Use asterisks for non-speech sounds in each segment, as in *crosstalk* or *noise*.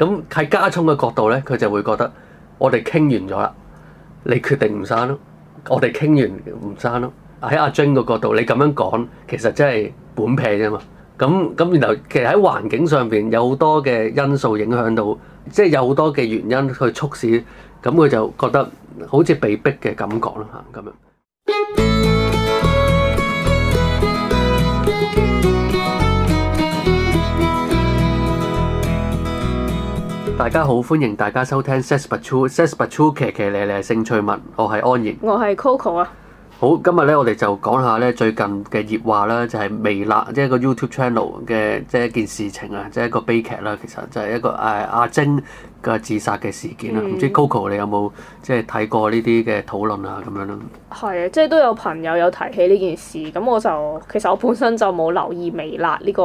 咁喺加葱嘅角度咧，佢就會覺得我哋傾完咗啦，你決定唔刪咯，我哋傾完唔刪咯。喺阿晶嘅角度，你咁樣講，其實真係本撇啫嘛。咁咁，然後其實喺環境上邊有好多嘅因素影響到，即係有好多嘅原因去促使，咁佢就覺得好似被逼嘅感覺啦嚇，咁樣。大家好，歡迎大家收聽 Sex Patrol，Sex Patrol 騎騎咧咧性趣物，我係安瑩，我係 Coco 啊。好，今日咧我哋就講下咧最近嘅熱話啦，就係、是、微辣即係、就是、一個 YouTube channel 嘅即係一件事情啊，即、就、係、是、一個悲劇啦。其實就係一個誒阿晶。啊啊個自殺嘅事件啦，唔、嗯、知 Coco 你有冇即係睇過呢啲嘅討論啊咁樣咯？係啊，即係都有朋友有提起呢件事，咁我就其實我本身就冇留意微辣呢、這個，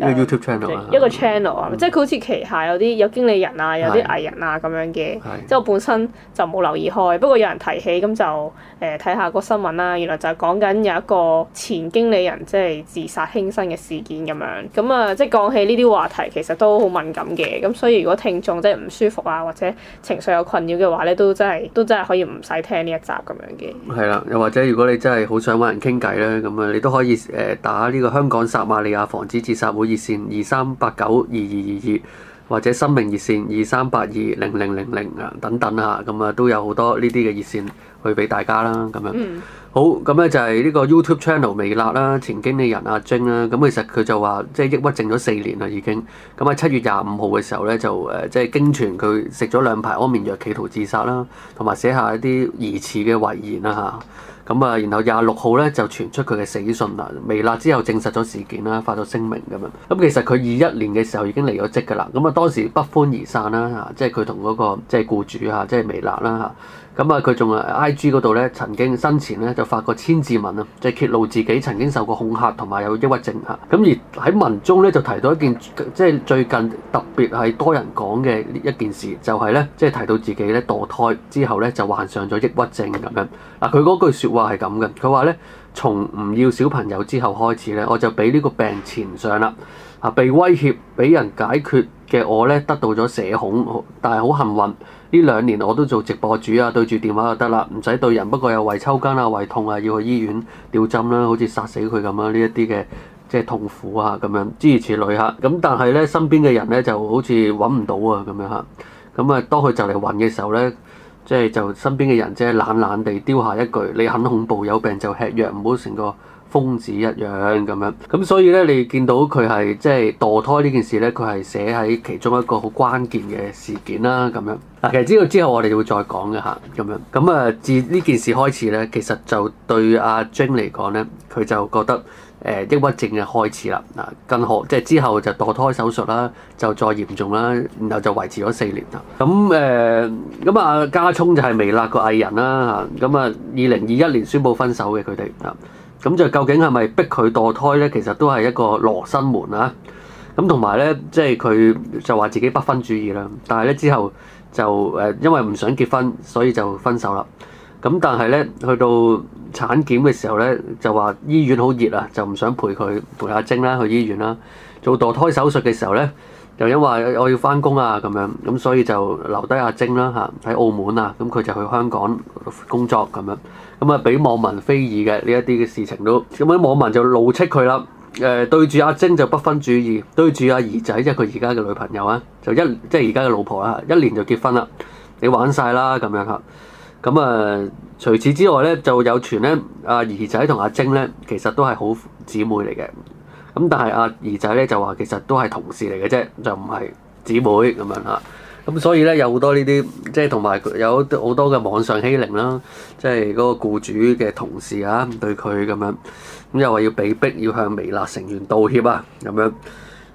個 YouTube channel 一個 channel 啊，即係佢好似旗下有啲有經理人啊，有啲藝人啊咁的樣嘅，的即係我本身就冇留意開。不過有人提起咁就誒睇下個新聞啦、啊，原來就係講緊有一個前經理人即係、就是、自殺輕生嘅事件咁樣。咁啊，即係講起呢啲話題其實都好敏感嘅，咁所以如果聽眾即係唔唔舒服啊，或者情緒有困擾嘅話咧，都真係都真係可以唔使聽呢一集咁樣嘅。係啦，又 *noise* 或者如果你真係好想揾人傾偈咧，咁啊你都可以誒打呢個香港撒瑪利亞防止自殺會熱線二三八九二二二二。或者生命熱線二三八二零零零零啊等等啊，咁啊都有好多呢啲嘅熱線去俾大家啦，咁樣、嗯、好咁咧就係呢個 YouTube channel 微辣啦，前經理人阿晶啦，咁其實佢就話即係抑鬱症咗四年啦已經，咁喺七月廿五號嘅時候咧就誒即係驚傳佢食咗兩排安眠藥，企圖自殺啦，同埋寫下一啲疑似嘅遺言啦嚇。咁啊，然後廿六號咧就傳出佢嘅死訊啦。微辣之後證實咗事件啦，發咗聲明咁樣。咁其實佢二一年嘅時候已經離咗職㗎啦。咁啊，當時不歡而散啦嚇，即係佢同嗰個即係僱主啊，即係微辣啦嚇。咁啊，佢仲喺 IG 嗰度咧，曾經生前咧就發過千字文啊，即係揭露自己曾經受過恐嚇同埋有抑鬱症嚇。咁而喺文中咧就提到一件，即係最近特別係多人講嘅一件事，就係咧即係提到自己咧墮胎之後咧就患上咗抑鬱症咁樣。嗱，佢嗰句説話係咁嘅，佢話咧從唔要小朋友之後開始咧，我就俾呢個病纏上啦。啊，被威脅俾人解決嘅我咧得到咗社恐，但係好幸運。呢兩年我都做直播主啊，對住電話就得啦，唔使對人。不過又胃抽筋啊，胃痛啊，要去醫院吊針啦，好似殺死佢咁樣呢一啲嘅即係痛苦啊咁樣。諸如此類嚇。咁但係呢，身邊嘅人呢就好似揾唔到啊咁樣嚇。咁啊，當佢就嚟暈嘅時候呢，即係就身邊嘅人即係懶懶地丟下一句：你很恐怖，有病就吃藥，唔好成個瘋子一樣咁樣，咁所以咧，你見到佢係即係墮胎呢件事咧，佢係寫喺其中一個好關鍵嘅事件啦。咁樣嗱、啊，其實知道之後，我哋會再講嘅嚇，咁樣咁啊，自呢件事開始咧，其實就對阿晶嚟講咧，佢就覺得誒、呃、抑鬱症嘅開始啦。嗱，跟後即係之後就墮胎手術啦，就再嚴重啦，然後就維持咗四年啦。咁誒咁啊，加葱就係微辣個藝人啦嚇。咁啊，二零二一年宣布分手嘅佢哋啊。咁就究竟係咪逼佢墮胎呢？其實都係一個羅生門啊。咁同埋呢，即係佢就話自己不分主義啦。但係呢，之後就誒，因為唔想結婚，所以就分手啦。咁但係呢，去到產檢嘅時候呢，就話醫院好熱啊，就唔想陪佢陪阿晶啦去醫院啦。做墮胎手術嘅時候呢，就因為我要返工啊咁樣，咁所以就留低阿晶啦嚇喺澳門啊，咁佢就去香港工作咁樣。咁啊，俾、嗯、網民非議嘅呢一啲嘅事情都，咁、嗯、啲網民就怒斥佢啦。誒、呃，對住阿晶就不分主義，對住阿兒仔即係佢而家嘅女朋友啊，就一即係而家嘅老婆啦，一年就結婚啦，你玩晒啦咁樣嚇。咁、嗯、啊、呃，除此之外咧，就有傳咧，阿兒仔同阿晶咧，其實都係好姊妹嚟嘅。咁但係阿兒仔咧就話，其實都係同事嚟嘅啫，就唔係姊妹咁樣嚇。咁、嗯、所以咧有好多呢啲，即係同埋有好多嘅網上欺凌啦，即係嗰個僱主嘅同事啊，對佢咁樣，咁又話要被逼要向微辣成員道歉啊，咁樣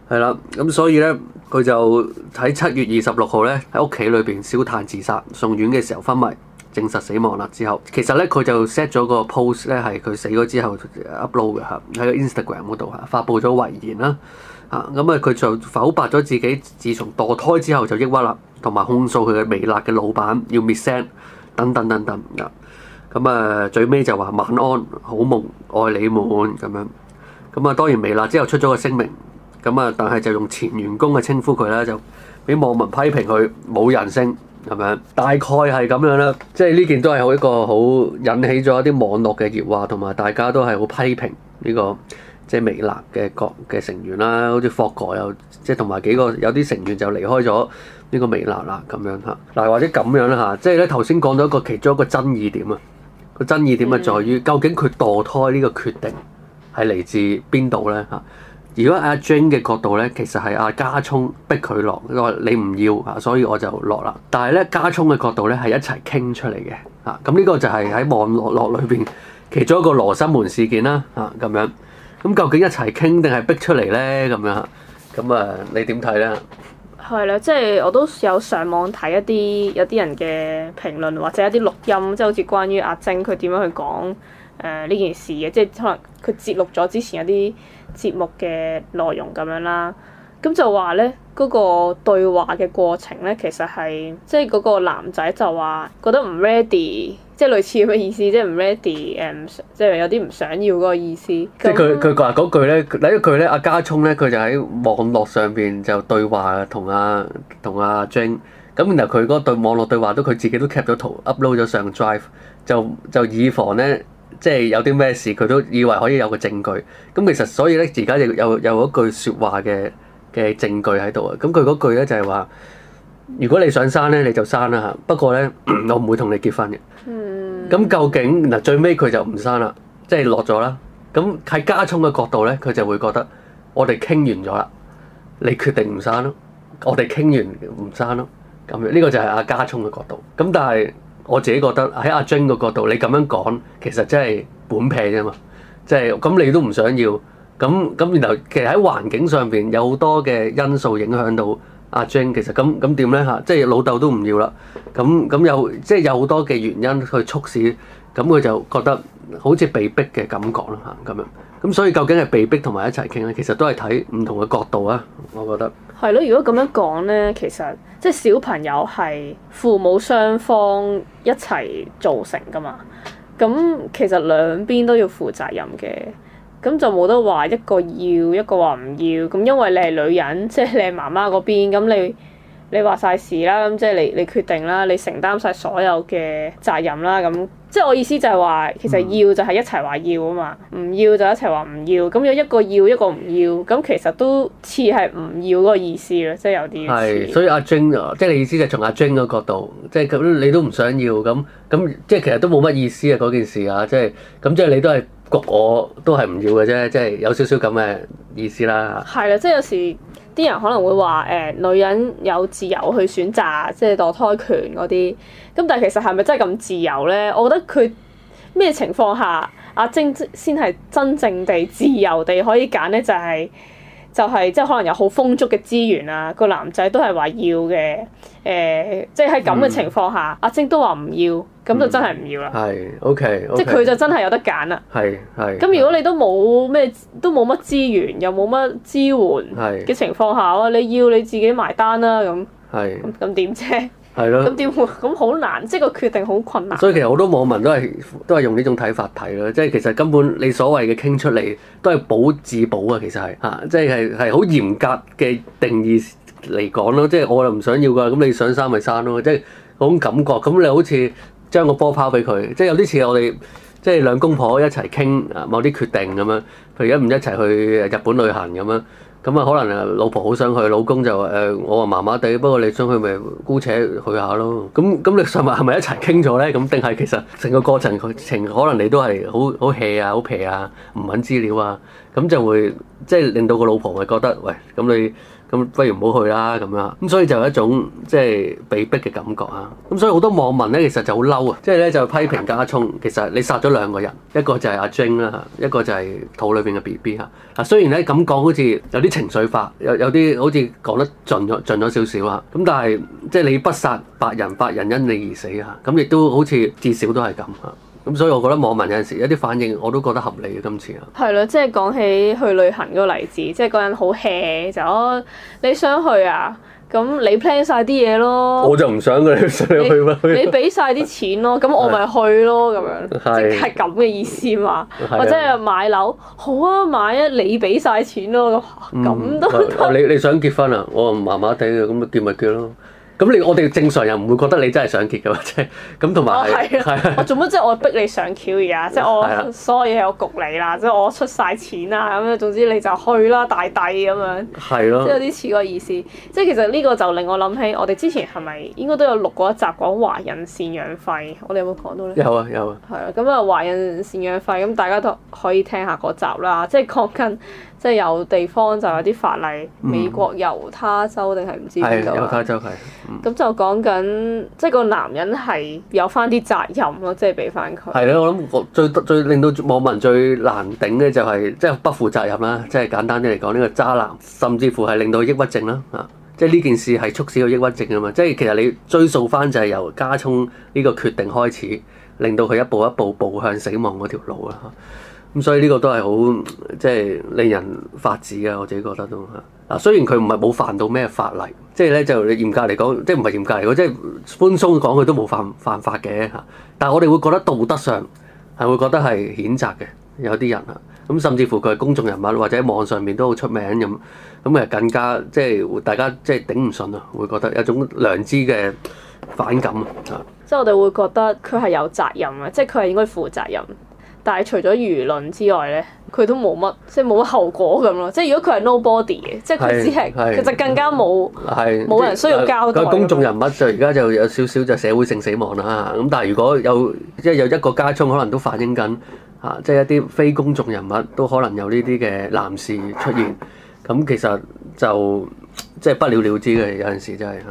係啦。咁、嗯、所以咧，佢就喺七月二十六號咧喺屋企裏邊燒炭自殺，送院嘅時候昏迷，證實死亡啦。之後其實咧佢就 set 咗個 post 咧係佢死咗之後 upload 嘅嚇，喺個 Instagram 嗰度嚇，發布咗遺言啦。啊咁啊，佢就否白咗自己，自從墮胎之後就抑鬱啦，同埋控訴佢嘅微辣嘅老闆要滅聲等等等等。咁啊，最尾就話晚安，好夢，愛你滿咁樣。咁啊，當然微辣之後出咗個聲明，咁啊，但係就用前員工嘅稱呼佢啦，就俾網民批評佢冇人性咁樣。大概係咁樣啦，即係呢件都係好一個好引起咗一啲網絡嘅熱話，同埋大家都係好批評呢個。即係微辣嘅國嘅成員啦，好似霍哥有，即係同埋幾個有啲成員就離開咗呢個微辣啦，咁樣嚇嗱，或者咁樣啦嚇，即係咧頭先講到一個其中一個爭議點啊，個爭議點啊，在於究竟佢墮胎呢個決定係嚟自邊度咧嚇？如果阿 Jane 嘅角度咧，其實係阿加葱逼佢落，你話你唔要啊，所以我就落啦。但係咧，加葱嘅角度咧係一齊傾出嚟嘅啊。咁呢個就係喺網絡落裏邊其中一個羅生門事件啦啊，咁樣。咁究竟一齊傾定係逼出嚟呢？咁樣，咁啊，你點睇呢？係啦，即係我都有上網睇一啲有啲人嘅評論，或者一啲錄音，即係好似關於阿晶佢點樣去講誒呢件事嘅，即係可能佢截錄咗之前有啲節目嘅內容咁樣啦。咁就話呢，嗰個對話嘅過程呢，其實係即係嗰個男仔就話覺得唔 ready。即係類似咁嘅意思，即係唔 ready，誒、um,，即係有啲唔想要嗰個意思。啊、即係佢佢話嗰句咧，例一句咧，阿家聰咧，佢就喺網絡上邊就對話同阿同阿 Jane 咁，然後佢嗰對網絡對話都佢自己都 cap 咗圖 upload 咗上 Drive，就就以防咧，即係有啲咩事佢都以為可以有個證據。咁其實所以咧，而家有有有一句説話嘅嘅證據喺度啊。咁佢嗰句咧就係話：如果你想刪咧，你就刪啦嚇。不過咧， *coughs* 我唔會同你結婚嘅。嗯咁究竟嗱最尾佢就唔生啦，即係落咗啦。咁喺加葱嘅角度咧，佢就會覺得我哋傾完咗啦，你決定唔生咯，我哋傾完唔生咯，咁樣呢、這個就係阿加葱嘅角度。咁但係我自己覺得喺阿晶嘅角度，你咁樣講其實真係本撇啫嘛，即係咁你都唔想要。咁咁然後其實喺環境上邊有好多嘅因素影響到。阿 Jane 其實咁咁點咧嚇，即係老豆都唔要啦，咁咁有即係有好多嘅原因去促使，咁佢就覺得好似被逼嘅感覺啦嚇，咁樣，咁所以究竟係被逼同埋一齊傾咧，其實都係睇唔同嘅角度啊。我覺得係咯，如果咁樣講咧，其實即係小朋友係父母雙方一齊造成噶嘛，咁其實兩邊都要負責任嘅。咁就冇得話一個要，一個話唔要，咁因為你係女人，即係你媽媽嗰邊，咁你你話晒事啦，咁即係你你決定啦，你承擔晒所有嘅責任啦，咁即係我意思就係話，其實要就係一齊話要啊嘛，唔要就一齊話唔要，咁有一個要一個唔要，咁其實都似係唔要嗰個意思咯，即係有啲係。所以阿晶即係你意思就從阿晶嗰角度，即係咁你都唔想要，咁咁即係其實都冇乜意思啊嗰件事啊，即係咁即係你都係。焗我都係唔要嘅啫，即係有少少咁嘅意思啦。係啦，即係有時啲人可能會話誒、呃，女人有自由去選擇，即係墮胎權嗰啲。咁但係其實係咪真係咁自由咧？我覺得佢咩情況下阿晶、啊、先係真正地自由地可以揀咧，就係、是。就係即係可能有好豐足嘅資源啊，個男仔都係話要嘅，誒、呃，即係喺咁嘅情況下，嗯、阿晶都話唔要，咁就真係唔要啦。係、嗯、OK，即係佢就真係有得揀啦。係係。咁如果你都冇咩，都冇乜資源，又冇乜支援嘅情況下，哇是！你要你自己埋單啦、啊、咁。係。咁點啫？係咯，咁點會？咁好難，即係個決定好困難。所以其實好多網民都係都係用呢種睇法睇咯，即係其實根本你所謂嘅傾出嚟都係保自保啊，其實係嚇、啊，即係係係好嚴格嘅定義嚟講咯，即係我又唔想要㗎，咁你想生咪生咯，即係嗰種感覺。咁你好似將個波拋俾佢，即係有啲似我哋即係兩公婆一齊傾某啲決定咁樣，譬如一唔一齊去日本旅行咁樣。咁啊，可能啊，老婆好想去，老公就誒、呃，我話麻麻地，不過你想去咪姑且去下咯。咁咁，你上埋係咪一齊傾咗咧？咁定係其實成個過程程，可能你都係好好 hea 啊、好皮啊、唔揾資料啊，咁就會即係、就是、令到個老婆咪覺得喂，咁你。咁不如唔好去啦咁樣，咁所以就有一種即係被逼嘅感覺啊，咁所以好多網民咧其實就好嬲啊，即係咧就批評加葱，其實你殺咗兩個人，一個就係阿晶啦，一個就係肚裏邊嘅 BB 吓，啊雖然咧咁講好似有啲情緒化，有有啲好似講得盡咗盡咗少少啊，咁但係即係你不殺百人，百人因你而死啊，咁亦都好似至少都係咁吓。咁所以，我覺得網民有陣時有啲反應，我都覺得合理嘅今次啊。係啦，即係講起去旅行嗰個例子，即係嗰人好 hea 就話，你想去啊？咁你 plan 晒啲嘢咯。我就唔想佢哋想去啦。你俾晒啲錢咯，咁我咪去咯，咁的樣即係咁嘅意思嘛。的或者係買樓，好啊，買啊，你俾晒錢咯，咁、啊嗯、都你你想結婚啊？我麻麻地嘅，咁咪結咪結咯。咁你我哋正常人唔會覺得你真係想結嘅嘛？即係咁同埋，我做乜即係我逼你上 Q 而家？即係 Yes. 我所有嘢我焗你啦，即係我出晒錢啦，咁樣總之你就去啦，大帝咁樣，即係 Yes.、嗯、有啲似個意思。即係其實呢個就令我諗起，我哋之前係咪應該都有錄過一集講華人贍養費？我哋有冇講到咧？有啊有啊。係、嗯、啊，咁啊華人贍養費，咁大家都可以聽下嗰集啦。即係講緊。即係有地方就有啲法例，美國猶他州定係唔知邊度。猶他州係。咁、嗯、就講緊，即係個男人係有翻啲責任咯，即係俾翻佢。係咯，我諗最最，最令到網民最難頂咧、就是，就係即係不負責任啦，即、就、係、是、簡單啲嚟講，呢、這個渣男，甚至乎係令到抑鬱症啦啊！即係呢件事係促使佢抑鬱症啊嘛，即係其實你追溯翻就係由加葱呢個決定開始，令到佢一步一步步向死亡嗰條路啦。啊咁所以呢個都係好即係令人髮指啊！我自己覺得都嚇。嗱，雖然佢唔係冇犯到咩法例，即係咧就嚴格嚟講，即係唔係嚴格嚟講，即係寬鬆講佢都冇犯犯法嘅嚇。但係我哋會覺得道德上係會覺得係譴責嘅，有啲人啊。咁甚至乎佢係公眾人物或者喺網上面都好出名咁，咁啊更加即係大家即係頂唔順啊，會覺得有種良知嘅反感啊。即係我哋會覺得佢係有責任嘅，即係佢係應該負責任。但係除咗輿論之外咧，佢都冇乜，即係冇乜後果咁咯。即係如果佢係 nobody 嘅的，即係佢只係，其實的更加冇冇的人需要交代。個公眾人物就而家就有少少就社會性死亡啦嚇。咁但係如果有即係有一個加葱，可能都反映緊嚇，即係一啲非公眾人物都可能有呢啲嘅男士出現。咁其實就即係不了了之嘅，有陣時真係嚇。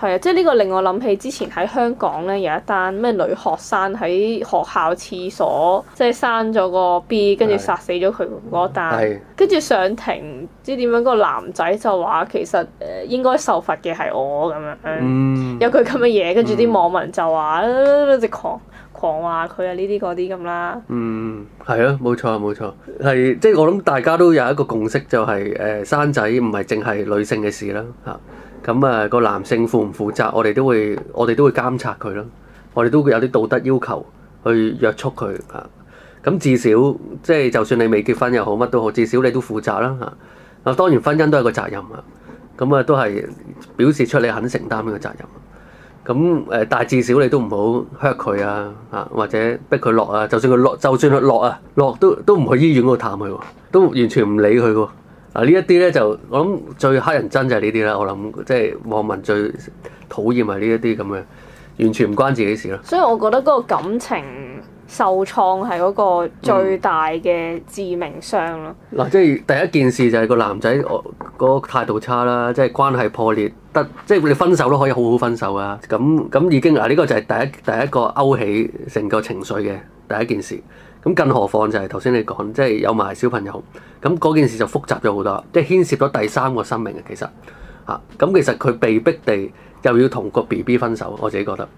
係啊，即係呢個令我諗起之前喺香港咧有一單咩女學生喺學校廁所即係生咗個 B，跟住殺死咗佢嗰單，係，跟住上庭唔知點樣，個男仔就話其實誒應該受罰嘅係我咁樣，嗯、有佢咁嘅嘢，跟住啲網民就話一直狂狂話佢啊呢啲嗰啲咁啦。嗯，係啊，冇錯冇錯，係即係我諗大家都有一個共識就係、是、誒、呃、生仔唔係淨係女性嘅事啦嚇。咁啊，個男性負唔負責，我哋都會，我哋都會監察佢咯。我哋都會有啲道德要求去約束佢啊。咁至少，即係就算你未結婚又好，乜都好，至少你都負責啦嚇。啊，當然婚姻都係個責任啊。咁啊，都係表示出你肯承擔呢個責任。咁誒，但係至少你都唔好嚇佢啊，或者逼佢落啊。就算佢落，就算佢落啊，落都都唔去醫院度探佢喎，都完全唔理佢喎。啊。嗱呢一啲咧就我諗最乞人憎就係呢啲啦，我諗即係網民最討厭係呢一啲咁嘅完全唔關自己事咯。所以，我覺得嗰個感情受創係嗰個最大嘅致命傷咯。嗱、嗯嗯啊，即係第一件事就係個男仔我嗰個態度差啦，即係關係破裂得即係你分手都可以好好分手啊。咁咁已經嗱，呢個就係第一第一個勾起成個情緒嘅第一件事。咁更何況就係頭先你講，即係有埋小朋友，咁嗰件事就複雜咗好多，即係牽涉咗第三個生命嘅其實，嚇、啊、咁其實佢被迫地又要同個 B B 分手，我自己覺得，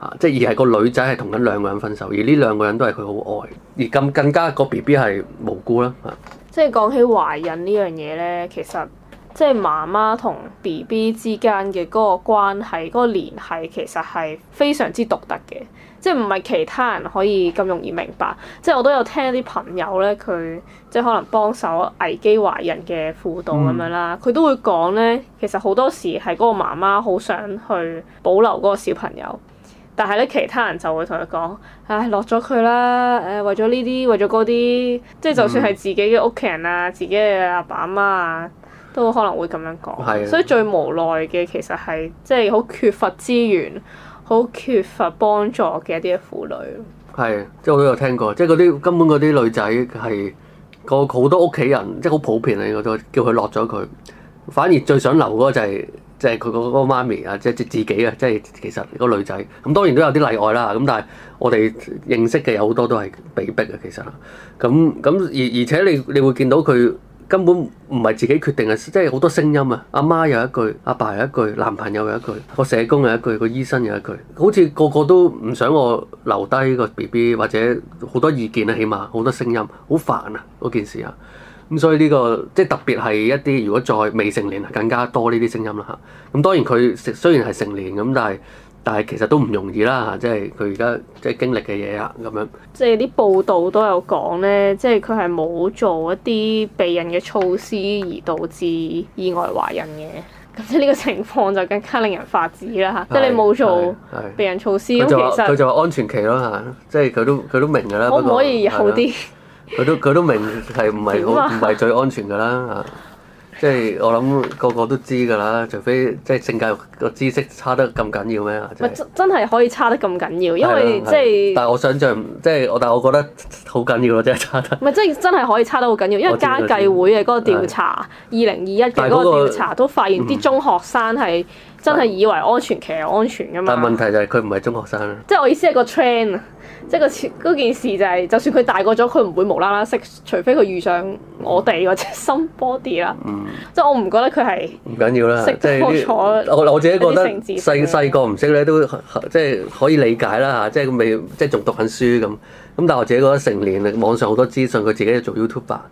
嚇、啊、即係而係個女仔係同緊兩個人分手，而呢兩個人都係佢好愛，而更更加個 B B 係無辜啦，嚇、啊。即係講起懷孕呢樣嘢咧，其實即係媽媽同 B B 之間嘅嗰個關係、嗰、嗰個聯繫，其實係非常之獨特嘅。即係唔係其他人可以咁容易明白？即係我都有聽啲朋友咧，佢即係可能幫手危機懷孕嘅輔導咁樣啦，佢、嗯、都會講咧，其實好多時係嗰個媽媽好想去保留嗰個小朋友，但係咧其他人就會同佢講，唉，落咗佢啦！誒，為咗呢啲，為咗嗰啲，即係就算係自己嘅屋企人啊，嗯、自己嘅阿爸阿媽啊，都可能會咁樣講。係。所以最無奈嘅其實係即係好缺乏資源。好缺乏幫助嘅一啲嘅婦女，係即係我都有聽過，即係嗰啲根本嗰啲女仔係個好多屋企人，即係好普遍啊！嗰啲叫佢落咗佢，反而最想留嗰個就係即係佢嗰個媽咪啊，即係即自己啊，即係其實個女仔咁當然都有啲例外啦。咁但係我哋認識嘅有好多都係被逼嘅，其實咁咁而而且你你會見到佢。根本唔係自己決定嘅，即係好多聲音啊！阿媽有一句，阿爸有一句，男朋友有一句，個社工有一句，個醫生有一句，好似個個都唔想我留低個 BB，或者好多意見啊！起碼好多聲音，好煩啊！嗰件事啊，咁所以呢個即係特別係一啲如果再未成年更加多呢啲聲音啦嚇。咁當然佢雖然係成年咁，但係。但係其實都唔容易啦，嚇！即係佢而家即係經歷嘅嘢啊，咁樣。即係啲報道都有講咧，即係佢係冇做一啲避孕嘅措施，而導致意外懷孕嘅。咁即係呢個情況就更加令人發指啦，嚇！ *laughs* 即係你冇做避孕措施。咁其實佢就話安全期咯，吓，即係佢都佢都明噶啦。可唔可以有啲？ *laughs* 佢都佢都明係唔係好唔係最安全噶啦？嚇！即係我諗個個都知㗎啦，除非即係性教育個知識差得咁緊要咩？唔真真係可以差得咁緊要，因為即係但係我想像即係我，但係我覺得好緊要咯，即係差得唔係真真係可以差得好緊要，因為家計會嘅嗰個調查二零二一嘅嗰個調查都發現啲中學生係。嗯真係以為安全，其實安全噶嘛。但係問題就係佢唔係中學生。即係我意思係個 trend 即係個嗰件事就係，就算佢大個咗，佢唔會無啦啦識，除非佢遇上我哋或者 somebody 啦。即係我唔覺得佢係唔緊要啦，識錯、嗯、我自己覺得，細細個唔識咧，都即係可以理解啦嚇，即係未即係仲讀緊書咁。咁但係我自己覺得成年，網上好多資訊，佢自己做 YouTube 啊，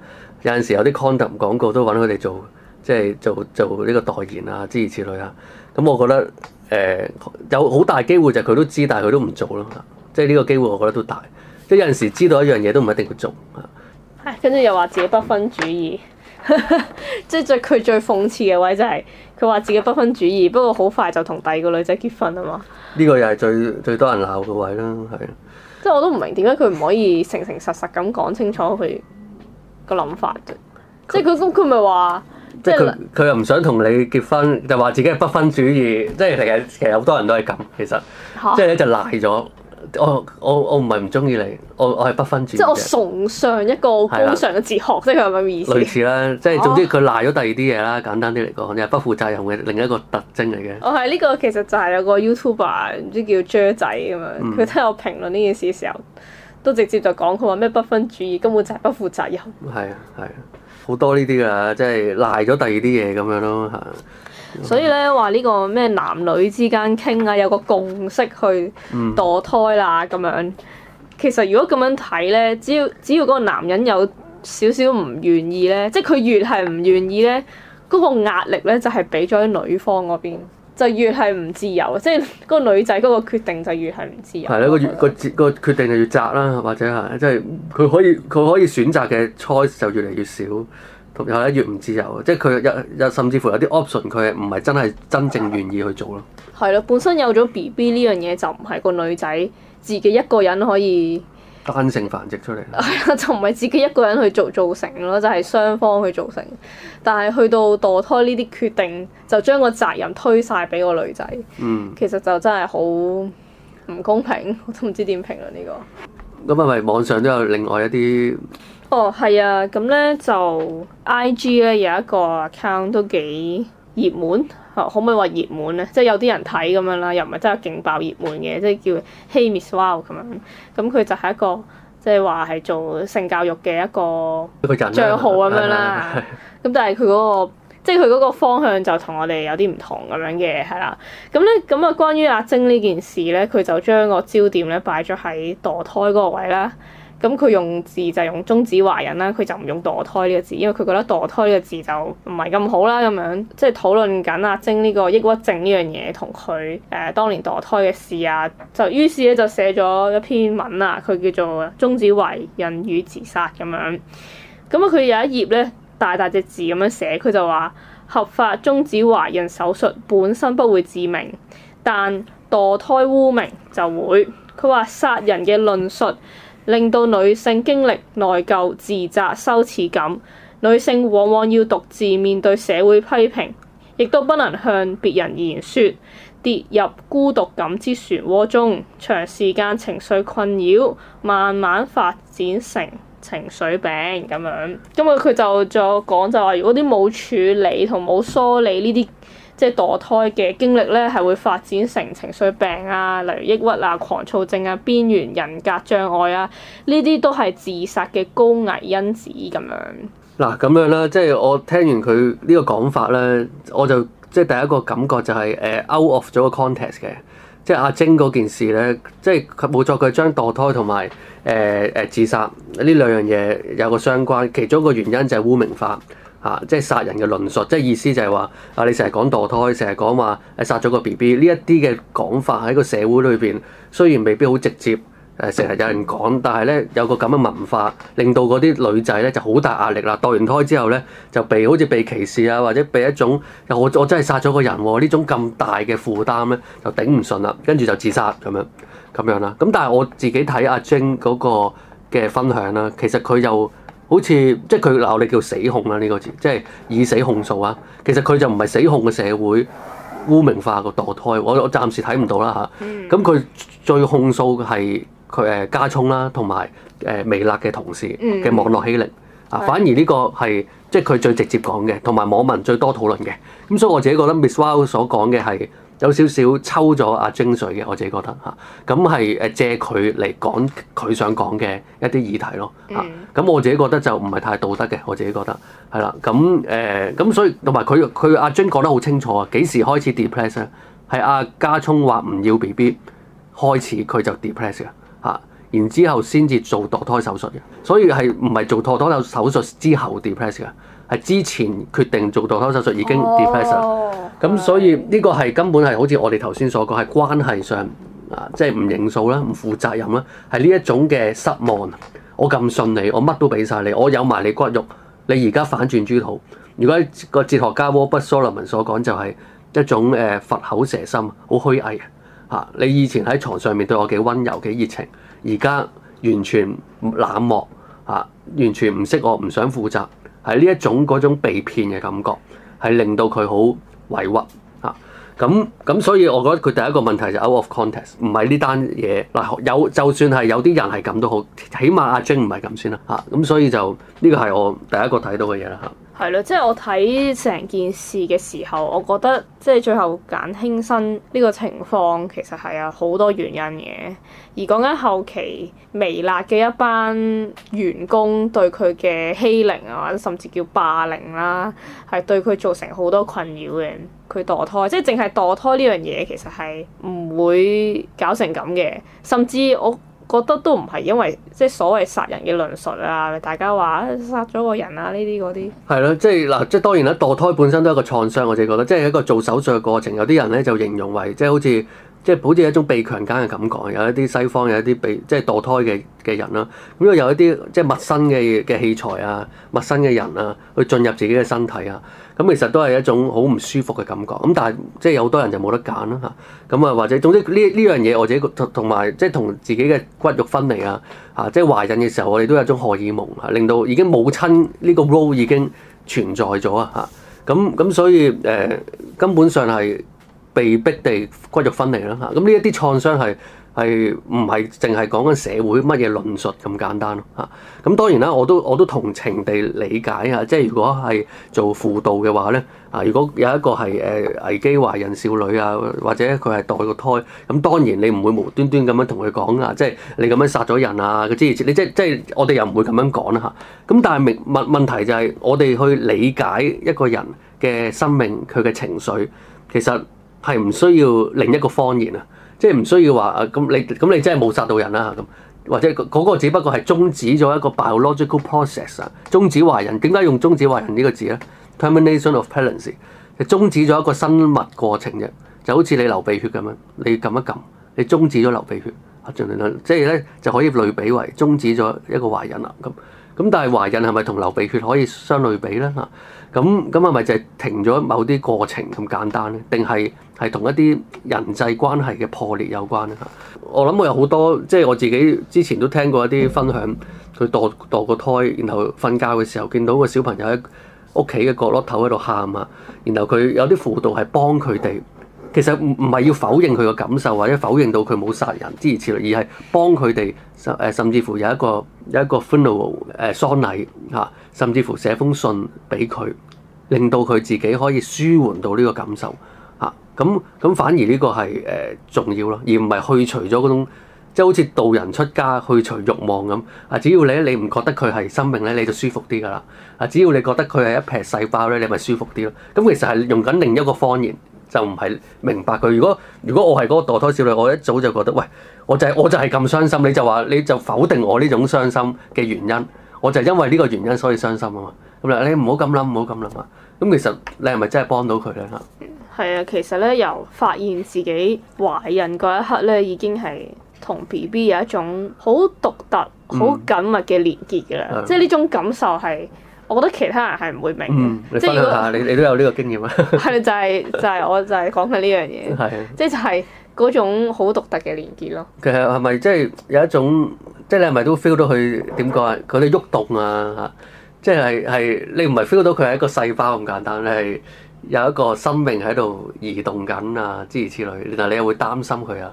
有陣時有啲 condom 廣告都揾佢哋做，即係做做呢個代言啊，之類之類啊。咁、嗯、我覺得誒、呃、有好大機會就係佢都知，但係佢都唔做咯，即係呢個機會我覺得都大。即、就、係、是、有陣時知道一樣嘢都唔一定要做。係，跟住又話自己不婚主義，即係最佢最諷刺嘅位就係佢話自己不婚主義，不過好快就同第二個女仔結婚啊嘛。呢個又係最最多人鬧嘅位啦，係。即係、嗯、我都唔明點解佢唔可以誠誠實實咁講清楚佢個諗法嘅，即係佢咁佢咪話？他即係佢佢又唔想同你結婚，就話自己係不婚主義。即係其實其實好多人都係咁，其實即係咧就賴咗。我我我唔係唔中意你，我我係不婚主義。即係我崇尚一個高尚嘅哲學， 的即係佢咁嘅意思。類似啦，即係總之佢賴咗第二啲嘢啦。啊、簡單啲嚟講，又、就係、不負責任嘅另一個特徵嚟嘅。我係呢個其實就係有個 YouTuber 唔知叫 Jazz、er、仔咁樣，佢睇我評論呢件事嘅時候，都直接就佢講佢話咩不婚主義根本就係不負責任。係啊係啊。嗯好多呢啲噶，即係賴咗第二啲嘢咁樣咯，係。所以咧，話呢個咩男女之間傾啊，有個共識去墮胎啦咁樣，嗯。其實如果咁樣睇咧，只要只要嗰個男人有少少唔願意咧，即係佢越係唔願意咧，嗰個壓力咧就係俾咗喺女方嗰邊。就越係唔自由，即係嗰個女仔嗰個決定就越係唔自由。係咯的，個越個個決定就越窄啦，或者係即係佢可以佢可以選擇嘅 choice 就越嚟越少，同埋越唔自由，即係佢有有甚至乎有啲 option 佢唔係真係真正願意去做咯。係咯，本身有咗 BB 呢樣嘢就唔係個女仔自己一個人可以。單性繁殖出嚟，係啊，就唔係自己一個人去做造成咯，就係、是、雙方去做成。但係去到墮胎呢啲決定，就將個責任推晒俾個女仔。嗯，其實就真係好唔公平，我都唔知點評論呢、這個。咁係咪網上都有另外一啲？ *laughs* 哦，係啊，咁呢就 IG 咧有一個 account 都幾熱門。可唔可以話熱門咧？即係有啲人睇咁樣啦，又唔係真係勁爆熱門嘅，即係叫 h、hey、Hey Miss Wow 咁樣。咁佢、嗯、就係一個即係話係做性教育嘅一個賬號咁樣啦。咁但係佢嗰個即係佢嗰個方向就我同我哋有啲唔同咁樣嘅係啦。咁咧咁啊，關於阿晶呢件事咧，佢就將個焦點咧擺咗喺墮胎嗰個位啦。咁佢用字就係用中止懷孕啦，佢就唔用墮胎呢個字，因為佢覺得墮胎呢個字就唔係咁好啦。咁樣即係討論緊阿晶呢個抑鬱症呢樣嘢同佢誒當年墮胎嘅事啊，就於是咧就寫咗一篇文啊，佢叫做中止懷孕與自殺咁樣。咁啊，佢有一頁咧大大隻字咁樣寫，佢就話合法中止懷孕手術本身不會致命，但墮胎污名就會。佢話殺人嘅論述，令到女性經歷內疚、自責、羞恥感，女性往往要獨自面對社會批評，亦都不能向別人言說，跌入孤獨感之漩渦中，長時間情緒困擾，慢慢發展成情緒病咁樣。咁啊，佢就再講就話，如果啲冇處理同冇梳理呢啲。即係墮胎嘅經歷咧，係會發展成情緒病啊，例如抑鬱啊、狂躁症啊、邊緣人格障礙啊，呢啲都係自殺嘅高危因子咁樣。嗱咁樣啦，即係我聽完佢呢個講法咧，我就即係第一個感覺就係誒 out of 咗個 context 嘅，即係阿晶嗰件事咧，即係佢冇錯，佢將墮胎同埋誒誒自殺呢兩樣嘢有個相關，其中一個原因就係污名化。嚇、啊，即係殺人嘅論述，即係意思就係話，啊，你成日講墮胎，成日講話誒殺咗個 BB，呢一啲嘅講法喺個社會裏邊，雖然未必好直接，誒成日有人講，但係咧有個咁嘅文化，令到嗰啲女仔咧就好大壓力啦。墮完胎之後咧就被好似被歧視啊，或者被一種又我我真係殺咗個人喎、啊、呢種咁大嘅負擔咧就頂唔順啦，跟住就自殺咁樣咁樣啦。咁但係我自己睇阿、啊、Jing 嗰個嘅分享啦，其實佢又～好似即係佢鬧你叫死控啦呢、這個字，即係以死控訴啊！其實佢就唔係死控嘅社會污名化個墮胎，我我暫時睇唔到啦嚇。咁佢、嗯、最控訴嘅係佢誒加聰加葱啦，同埋誒微辣嘅同事嘅網絡欺凌啊，嗯、反而呢個係即係佢最直接講嘅，同埋網民最多討論嘅。咁所以我自己覺得 Miss Well 所講嘅係。有少少抽咗阿晶水嘅，我自己覺得嚇，咁係誒借佢嚟講佢想講嘅一啲議題咯嚇，咁我自己覺得就唔係太道德嘅，我自己覺得係啦，咁誒咁所以同埋佢佢阿晶講得好清楚啊，幾時開始 depress 呢？係阿加葱話唔要 BB 開始佢就 depress 嘅嚇，然之後先至做墮胎手術嘅，所以係唔係做墮胎手術之後 depress 嘅？係之前決定做墮胎手術已經 deface 咗，咁、oh, yes. 所以呢個係根本係好似我哋頭先所講係關係上啊，即係唔認數啦，唔負責任啦，係呢一種嘅失望。我咁信你，我乜都俾晒你，我有埋你骨肉，你而家反轉豬肚。如果個哲學家 Robert Solomon 所講就係一種誒佛口蛇心，好虛偽啊！你以前喺床上面對我幾温柔幾熱情，而家完全冷漠啊，完全唔識我，唔想負責。係呢一種嗰種被騙嘅感覺，係令到佢好委屈嚇，咁、啊、咁、啊啊啊、所以我覺得佢第一個問題就 out of context，唔係呢單嘢嗱有就算係有啲人係咁都好，起碼阿晶唔係咁先啦嚇，咁、啊啊啊、所以就呢個係我第一個睇到嘅嘢啦嚇。啊啊係咯，即係我睇成件事嘅時候，我覺得即係最後揀輕生呢個情況其實係有好多原因嘅。而講緊後期微辣嘅一班員工對佢嘅欺凌啊，或者甚至叫霸凌啦，係對佢造成好多困擾嘅。佢墮胎，即係淨係墮胎呢樣嘢，其實係唔會搞成咁嘅。甚至我覺得都唔係因為即係所謂殺人嘅論述啊，大家話殺咗個人啊呢啲嗰啲。係咯，即係嗱，即係當然啦，墮胎本身都係一個創傷，我自己覺得，即係一個做手術嘅過程，有啲人呢就形容為即係好似。即係好似一種被強姦嘅感覺，有一啲西方有一啲被即係、就是、墮胎嘅嘅人啦，咁因為有一啲即係陌生嘅嘅器材啊、陌生嘅人啊，去進入自己嘅身體啊，咁其實都係一種好唔舒服嘅感覺。咁但係即係有好多人就冇得揀啦嚇，咁啊或者總之呢呢樣嘢我自己同埋即係同自己嘅骨肉分離啊，啊即係懷孕嘅時候我哋都有一種荷爾蒙啊，令到已經母親呢個 role 已經存在咗啊嚇，咁咁所以誒、呃、根本上係。被逼地骨肉分離啦嚇，咁呢一啲創傷係係唔係淨係講緊社會乜嘢論述咁簡單咯嚇？咁、啊啊、當然啦，我都我都同情地理解啊，即係如果係做輔導嘅話咧，啊如果有一個係誒危機懷孕少女啊，或者佢係墮個胎，咁、啊、當然你唔會無端端咁樣同佢講啊，即係你咁樣殺咗人啊嗰啲，你、啊、即係即係我哋又唔會咁樣講啦嚇。咁、啊啊、但係問問問題就係我哋去理解一個人嘅生命佢嘅情緒，其實。係唔需要另一個方言啊，即係唔需要話啊咁你咁你真係冇殺到人啦咁，或者嗰個只不過係終止咗一個 biological process 啊，終止懷孕，點解用終止懷孕呢個字咧？Termination of pregnancy 係終止咗一個生物過程嘅，就好似你流鼻血咁樣，你撳一撳，你終止咗流鼻血啊，即係咧就可以類比為終止咗一個懷孕啦咁。咁但係懷孕係咪同流鼻血可以相類比咧嚇？咁咁係咪就係停咗某啲過程咁簡單咧？定係係同一啲人際關係嘅破裂有關咧嚇？我諗我有好多即係、就是、我自己之前都聽過一啲分享，佢墮墮個胎，然後瞓覺嘅時候見到個小朋友喺屋企嘅角落頭喺度喊啊，然後佢有啲輔導係幫佢哋。其實唔唔係要否認佢嘅感受，或者否認到佢冇殺人之類，而係幫佢哋，甚至乎有一個有一個 funeral 誒喪禮啊，甚至乎寫封信俾佢，令到佢自己可以舒緩到呢個感受啊。咁咁反而呢個係誒、呃、重要咯，而唔係去除咗嗰種即係好似道人出家去除慾望咁啊。只要你你唔覺得佢係生命咧，你就舒服啲噶啦。啊，只要你覺得佢係一撇細胞咧，你咪舒服啲咯。咁其實係用緊另一個方言。就唔係明白佢。如果如果我係嗰個墮胎少女，我一早就覺得，喂，我就係、是、我就係咁傷心。你就話你就否定我呢種傷心嘅原因，我就係因為呢個原因所以傷心啊嘛。咁你唔好咁諗，唔好咁諗啊。咁其實你係咪真係幫到佢咧嚇？係啊，其實咧由發現自己懷孕嗰一刻咧，已經係同 BB 有一種好獨特、好、嗯、緊密嘅連結㗎啦。的即係呢種感受係。我覺得其他人係唔會明嘅。嗯，你分享下你，你都有呢個經驗啊？係 *laughs* 就係、是、就係、是、我就係講緊呢樣嘢。係 *laughs* 的。即係就係嗰種好獨特嘅連結咯。其實係咪即係有一種，即、就、係、是、你係咪都 feel 到佢點講啊？佢哋喐動啊，嚇！即係係你唔係 feel 到佢係一個細胞咁簡單，你係有一個生命喺度移動緊啊，諸如此類。但係你又會擔心佢啊？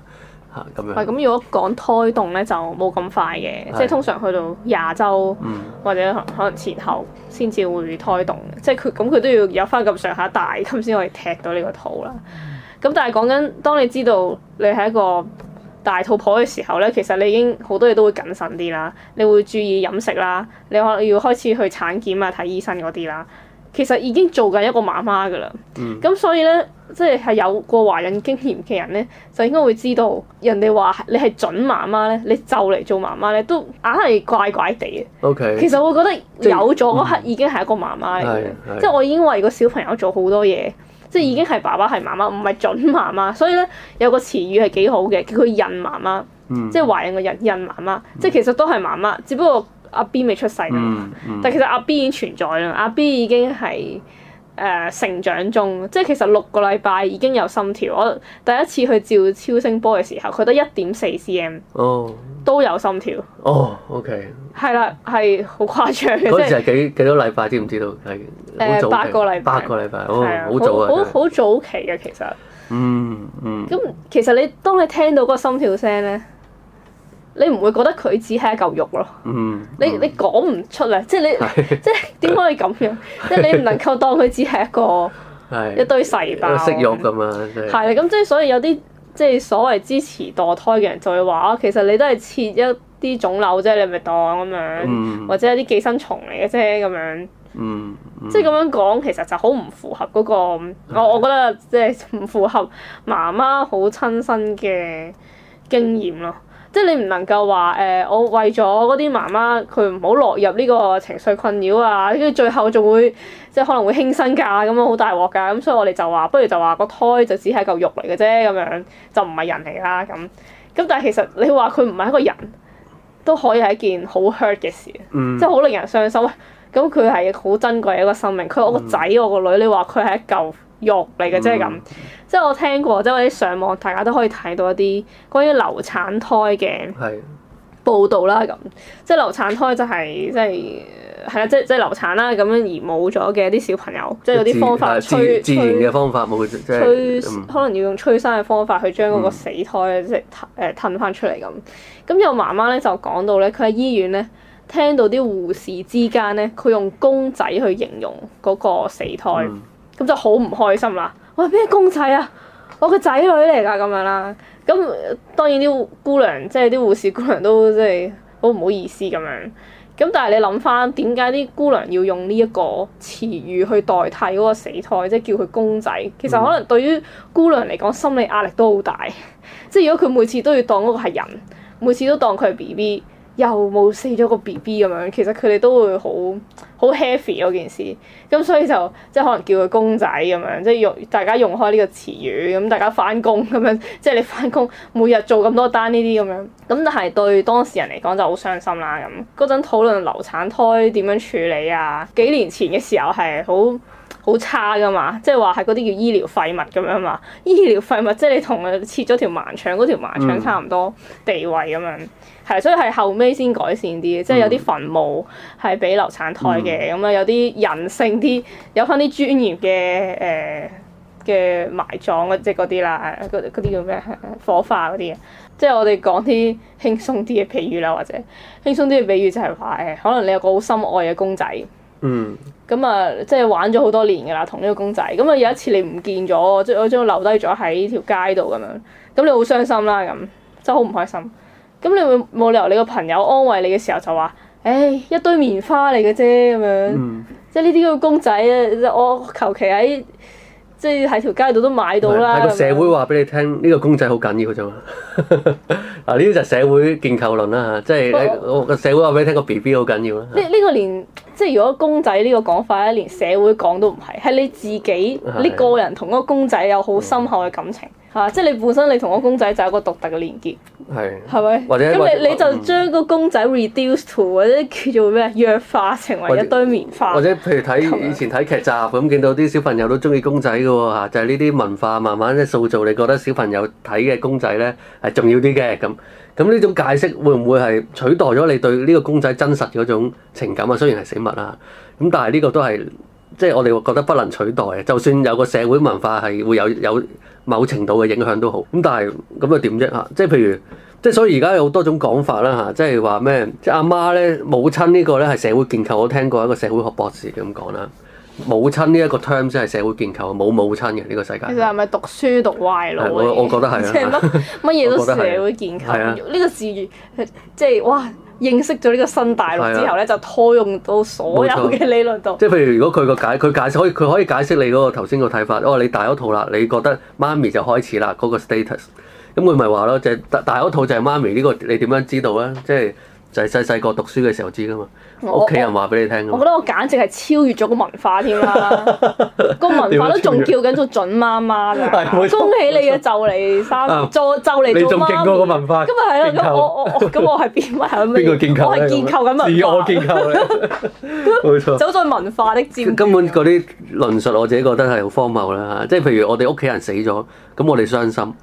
係咁，咁樣嗯、如果講胎動咧，就冇咁快嘅，是即係通常去到廿週、嗯、或者可能前後先至會胎動即係佢咁佢都要有翻咁上下大，咁先可以踢到呢個肚啦。咁、嗯嗯、但係講緊，當你知道你係一個大肚婆嘅時候咧，其實你已經好多嘢都會謹慎啲啦，你會注意飲食啦，你可能要開始去產檢啊、睇醫生嗰啲啦。其實已經做緊一個媽媽噶啦，咁、嗯、所以咧。即係係有過懷孕經驗嘅人咧，就應該會知道人哋話你係準媽媽咧，你就嚟做媽媽咧，都硬係怪怪地嘅。OK，其實我覺得有咗嗰刻已經係一個媽媽嘅，嗯、即係我已經為個小朋友做好多嘢，嗯、即係已經係爸爸係媽媽，唔係準媽媽。所以咧有個詞語係幾好嘅，叫佢孕媽媽，嗯、即係懷孕嘅孕孕媽媽，嗯、即係其實都係媽媽，只不過阿 B 未出世、嗯。嗯、但其實阿 B 已經存在啦，阿 B 已經係。誒、呃、成長中，即係其實六個禮拜已經有心跳。我第一次去照超聲波嘅時候，佢得一點四 cm，oh. 都有心跳。哦、oh，OK。係啦，係好誇張嘅。嗰時係幾幾多禮拜？知唔知道？係誒、呃、八個禮拜，八個禮拜，好的、哦、早啊，好好很是早期嘅其實。嗯嗯。咁、嗯、其實你當你聽到嗰個心跳聲咧？你唔會覺得佢只係一嚿肉咯？嗯嗯、你你講唔出咧，即係你 *laughs* 即係點可以咁樣？即係 *laughs* 你唔能夠當佢只係一個 *laughs* 一堆細胞。息肉㗎嘛？係啊，咁即係所以有啲即係所謂支持墮胎嘅人就會話其實你都係切一啲腫瘤啫，你咪當咁樣，或者一啲寄生蟲嚟嘅啫咁樣。即係咁樣講，其實就好唔符合嗰、嗰個我，我覺得即係唔符合媽媽好親身嘅經驗咯。即係你唔能夠話誒、呃，我為咗嗰啲媽媽佢唔好落入呢個情緒困擾啊，跟住最後仲會即係可能會輕生㗎咁樣，好大鑊㗎。咁所以我哋就話，不如就話個胎就只係一嚿肉嚟嘅啫，咁樣就唔係人嚟啦。咁咁但係其實你話佢唔係一個人，都可以係一件好 hurt 嘅事，嗯、即係好令人傷心。咁佢係好珍貴一個生命，佢我個仔、嗯、我個女，你話佢係一嚿肉嚟嘅，即係咁。嗯即係我聽過，即係我啲上網，大家都可以睇到一啲關於流產胎嘅報道啦。咁的即係流產胎就係即係係啦，即係即係流產啦。咁樣而冇咗嘅一啲小朋友，自即係嗰啲方法催嘅自去方法冇，去即係可能要用催生嘅方法去將嗰個死胎即係誒吞翻出嚟咁。咁有、嗯、媽媽咧就講到咧，佢喺醫院咧聽到啲護士之間咧，佢用公仔去形容嗰個死胎，咁、嗯、就好唔開心啦。喂，咩公仔啊？我個仔女嚟㗎咁樣啦，啊。咁當然啲姑娘，即係啲護士姑娘都即係好唔好意思咁樣。咁但係你諗翻點解啲姑娘要用呢一個詞語去代替嗰個死胎，即係叫佢公仔？其實可能對於姑娘嚟講，心理壓力都好大。即係如果佢每次都要當嗰個係人，每次都當佢係 BB。又冇死咗個 BB 咁樣，其實佢哋都會好好 happy 嗰件事，咁所以就即係可能叫佢公仔咁樣，即係用大家用開呢個詞語，咁大家返工咁樣，即係你返工每日做咁多單呢啲咁樣，咁但係對當事人嚟講就好傷心啦咁。嗰陣討論流產胎點樣處理啊？幾年前嘅時候係好。好差㗎嘛，即係話係嗰啲叫醫療廢物咁樣嘛，醫療廢物即係你同佢切咗條盲腸嗰條盲腸差唔多地位咁樣，係、嗯、所以係後尾先改善啲，即係有啲墳墓係俾流產胎嘅咁樣，有啲人性啲，有返啲尊嚴嘅誒嘅埋葬即係嗰啲啦，嗰啲叫咩？火化嗰啲嘅，即係我哋講啲輕鬆啲嘅比喻啦，或者輕鬆啲嘅比喻就係話誒，可能你有個好深愛嘅公仔。嗯，咁啊，即係玩咗好多年噶啦，同呢個公仔，咁啊有一次你唔見咗，即係我將佢留低咗喺條街度咁樣，咁你好傷心啦，咁真係好唔開心。咁你會冇理由你個朋友安慰你嘅時候就話，唉、哎、一堆棉花嚟嘅啫，咁樣，即係呢啲個公仔咧，我求其喺即係喺條街度都買到啦。嗯、個社會話俾你聽，呢、這個公仔好緊要啫嘛。 *laughs* 啊呢啲就社會建構論啦即係，我個社會話俾你聽個 B B 好緊要啦。呢呢、嗯、個年。即係如果公仔呢個講法咧，連社會講都唔係，係你自己，你個人同嗰個公仔有好深厚嘅感情嚇的，即係你本身你同嗰公仔就有個獨特嘅連結，係係咪？咁吧者你你就將個公仔 reduce to 或者叫做咩弱化成為一堆棉花。或者譬如睇樣以前睇劇集咁，見到啲小朋友都鍾意公仔㗎喎，就係呢啲文化慢慢咧塑造，你覺得小朋友睇嘅公仔咧係重要啲嘅咁。咁呢種解釋會唔會係取代咗你對呢個公仔真實嘅嗰種情感啊？雖然係死物啊，咁但係呢個都係即係我哋覺得不能取代嘅。就算有個社會文化係會有有某程度嘅影響都好。咁但係咁又點啫？嚇、就是，即係譬如，即係所以而家有好多種講法啦吓，即係話咩？即係阿媽咧，母親呢個咧係社會建構。我聽過一個社會學博士咁講啦。母親呢一個 term 先係社會建構，冇母，母親嘅呢、這個世界。其實係咪讀書讀壞來？ *laughs* 我我覺得係。即係乜乜嘢都社會建構。啊，呢個詞，的即係哇，認識咗呢個新大陸之後咧，的就套用到所有嘅理論度。錯 *laughs* 即係譬如如果佢個解，佢解釋可以，佢可以解釋你嗰個頭先個睇法。因、哦、你大咗肚啦，你覺得媽咪就開始啦嗰、那個 status，咁佢咪話咯，就是、大咗肚就係媽咪呢、這個，你點樣知道啊？即、就、係、是。就係細細個讀書嘅時候知噶嘛，我屋企人話俾你聽。我覺得我簡直係超越咗個文化添啦，個文化都仲叫緊做準媽媽。係，恭喜你嘅就嚟三做就嚟做媽咪。你仲勁過個文化？咁日係咯，咁我我咁我係變為係邊個？我係建構緊文化。自我建構冇錯，走在文化的尖。根本嗰啲論述我自己覺得係好荒謬啦，即係譬如我哋屋企人死咗，咁我哋傷心，